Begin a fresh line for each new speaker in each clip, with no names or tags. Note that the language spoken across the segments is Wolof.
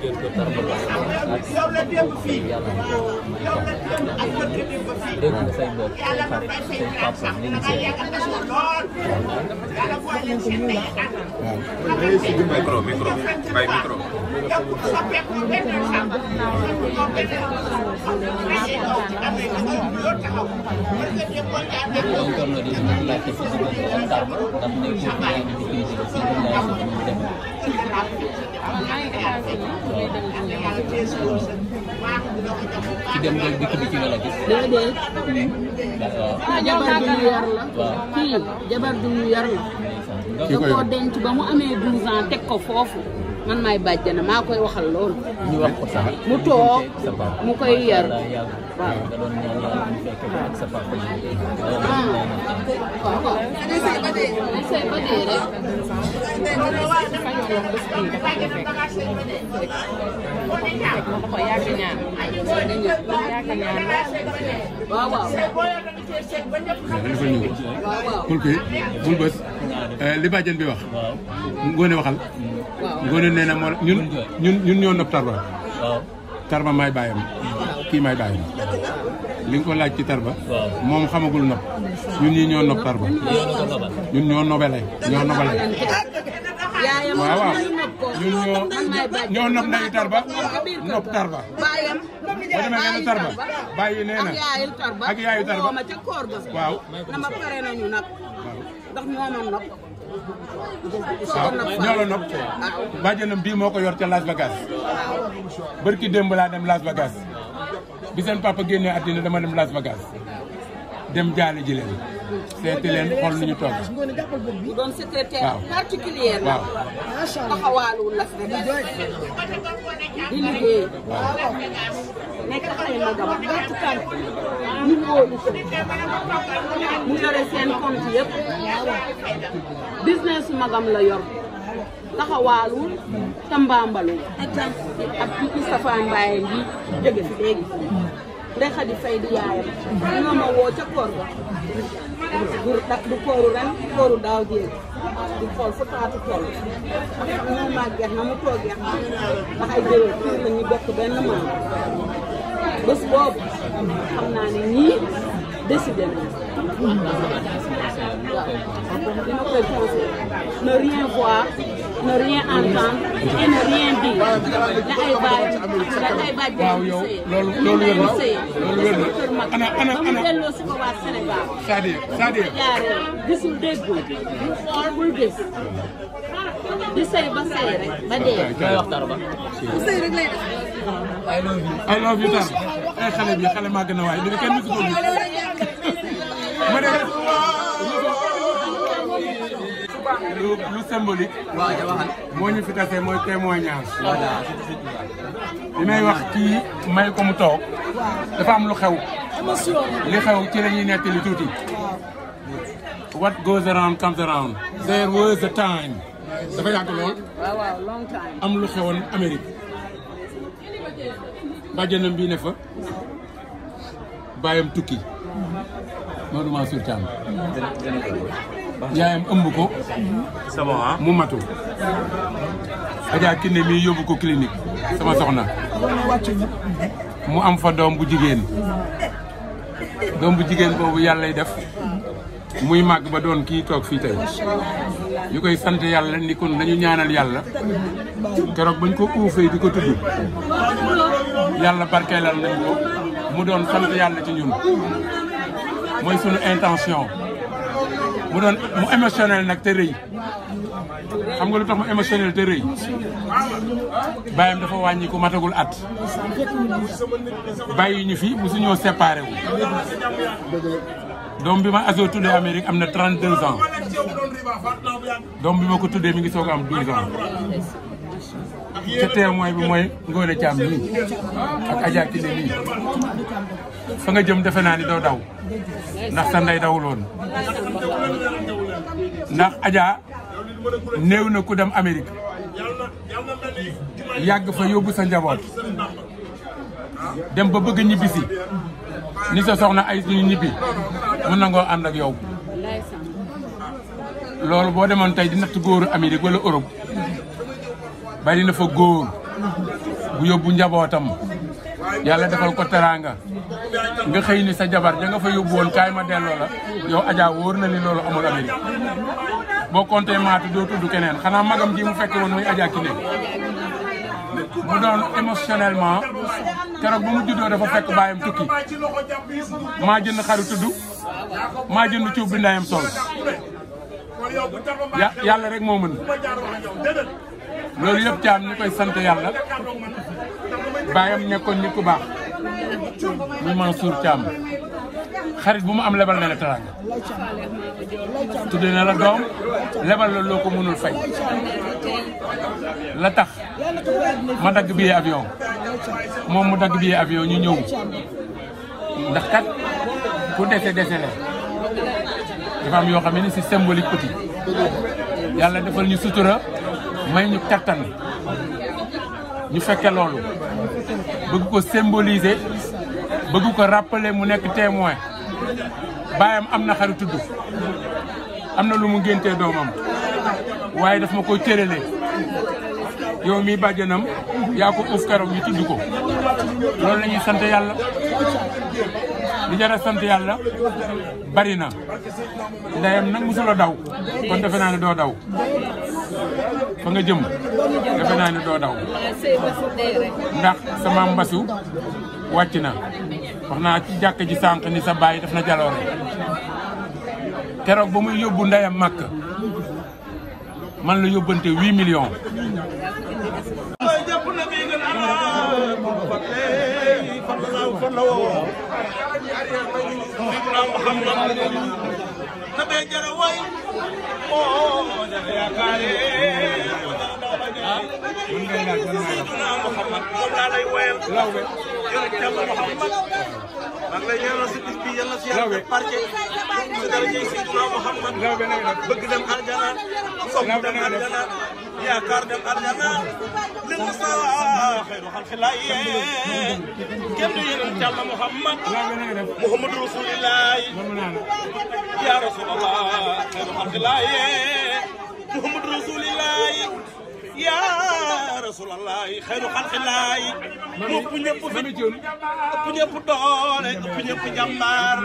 ngeen ko tar yow la démb fii yow la démb ak yow la démb fii yàlla ba fay say ñaan sax da ngay yàgg a taxaw lool yàlla boo leen seen day yàgg micro micro bay micro yow bu soppeeku benn sax yow benn sax yow ci amee nga lool taxaw parce que démb boo jaaree ko yow ci dem nga ah, jabar ju yar la. kii koo denc ba mu amee 12 teg ko foofu. man maay bàjjana maa koy waxal loolu. ko sax mu toog mu koy yar waaw. waaw. kon kay bul bës
li bàjjen bi wax. Ngoone waxal. Ngoone nee na ñun ñun ñoo nopp tarba. tarba may bàyyam kii may bàyyam li nga ko laaj ci tarba moom xamagul nopp
ñun ñi ñoo nopp tarba
ñun ñoo nobele ñoo nobele
waaw waaw ñun ñoo nopp ndeyu
Tarba nopp Tarba. boo
demee na Tarba bàyyi nee na waaw. ñoo la nopp
bàjjenam bii moo ko yor ca Las Vegas barki démb laa dem Las Vegas bi seen papa génnee àddina dama dem Las Vegas dem jaale ji leen seeti leen xool nu ñu
toog doon secrétaire particulier waaw taxawaalu la di liggéey waaw nekk xale magam gàtt kan ñu wóolu ko mu yore seen compte yëpp business magam la yor taxawaalu tambaambalu ak Moustapha Mbaye bi jóge fi léegi Ndeye Khady Faye di yaayam. ñoo ma woo ca koor ga. du du kooru ren kooru daaw jéeg di xool fu taatu tool ñoo màggeex na mu toogeex na ndax ay jëwee pour la ñu bokk benn maam bés boobu xam ne rien entendre et ne rien dire la ay baaj la ay baaj bi ñu sëyee loolu wér na loolu wér na ana ana ana delloo si ko waa Sénégal c'est-à-dire c'est-à-dire jaaree gisul déggul xool gis di sëy ba sëy rek ba dee bu sëy rek lay def
I love you I love you tar ay xale bi xale maa gën a waay li kenn mësu ko gis lu lu moo ñu fi tase mooy témoignage. li may wax kii may ko mu toog. dafa am lu xew. li xew ci la ñuy nettali tuuti. what goes around comes around. there was a time.
dafa yàgg lool. am lu xewoon
Amérique. bàjjenam bii ne fa. bàyyam tukki. Maodo Mansour Thiam. yaayam ëmb ko. sama ah mu matu. Adja Kiné mii yóbbu ko clinique sama soxna. mu am fa doom bu jigéen. doom bu jigéen boobu yàllay def. muy màgg ba doon kii toog fii tey ñu koy sant yàlla ni kon nañu ñaanal yàlla keroog bañ ko uufee di ko tudd yàlla barkeelal nañ ko
mu doon sant yàlla ci ñun mooy sunu intention.
mu doon mu émotionnel nag te rëy xam nga lu tax mu émotionnel te rëy bàyyam dafa wàññi matagul at bàyyi ñu fi mu ñoo séparé wu doom bi ma Azo tuddee Amérique am na 32 ans doom bi ma ko tuddee mi ngi soog am 12 ans ca témoin bi mooy Ngoné Thiam nii ak nii
fa nga jëm defe naa ni doo daw ndax sa ndey dawul woon
ndax ajaa néew na ku dem Amérique yàgg fa yóbbu sa njaboot dem ba bëgg ñibbisi ni sa soxna ay suñu ñibbi mu nangoo ànd ak yow loolu boo demoon tey di natt góoru Amérique wala Europe bari na fa góor bu yóbbu njabootam yàlla defal ko teraanga nga xëy ni sa jabar ja nga fa yóbbu woon kaay ma delloo la yow Adja wóor na ni loolu amul Amérique boo compté maatu doo tudd keneen xanaa magam ji mu fekke woon muy Adja Kiné mu doon émotionnellement keroog ba mu juddoo dafa fekk baayam tukki maa jënd xaru tudd maa jënd cuub bi sol yàlla rek moo loolu yëpp caam ñu koy sant yàlla baayam nekkoon ni ku baax muy Mansour Thiam xarit bu mu am lebal na la teraanga
tudde na la doom lebal
la loo ko mënul fay la tax
ma dagg bi avion moom mu dagg bi avion ñu ñëw ndax kat
ku dese dese la dafa am yoo xam ne ni si symbolique petit
yàlla defal ñu sutura may ñu
kattan ñu fekke loolu bëgg ko symboliser bëgg ko rappeler mu nekk témoin baayam am na xaru tudd am na lu mu ngéntee doomam waaye daf ma ko cëralee yow mi bàjjanam yaa ko uuf keroog ñu tudd ko loolu la ñuy sant yàlla li jar sant yàlla bari na ndeyam nag musula daw kon defe naa ne doo daw fa nga jëm defe naa ne doo daw
ndax sama mbasu
wàcc na wax naa ci jàkk ji sànq ni sa baay def na jaloore keroog ba muy yóbbu ndeyam màkk man la yóbbante huit millions
Seydina Muhammad na bee jara way oo dara yaakaare Seydina Muhammad moom laa lay wayal yonent Yàlla Muhammad maa ngi lay ñaanal si bis bi yàlla si yàlla parke si dara jëy Seydina Muhammad bëgg dem aljana sopp dem aljana yaakaar dem àddana li nga saa xayru xalqi laay kenn du yeneen jàmm Muhammad Muhammadu Rasulillahi yaa Rasulallah xayru xalqi laay
rasulallah xayru xalqillaay mu ëpp ñëpp fit ëpp ñëpp doole ëpp ñëpp jàmbaar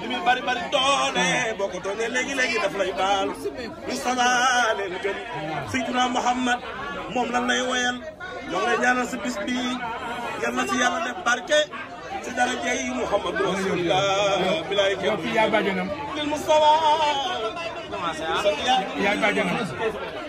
li muy bari bari doole boo ko tooñee léegi léegi daf lay baal
ñu salaale lu gën Muhammad moom lan lay woyal ñoo ngi lay ñaanal si bis bi yal na si yàlla def barke si daraja yi Muhammadu rasulillah bilaay kenn lil Mustafa ah.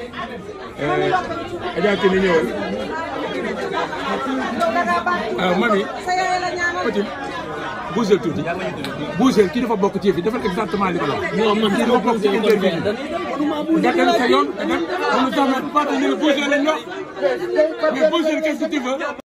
Eh, Adja Kine ñëwal.
ah mami. Fatim. tuuti. bougeel kii dafa bokk ci yëf yi defal exactement li ko wax. kii dafa bokk ci interview bi.
nga dem sa yoon nga dem. ne
t' en a pas de bougeel lañ wax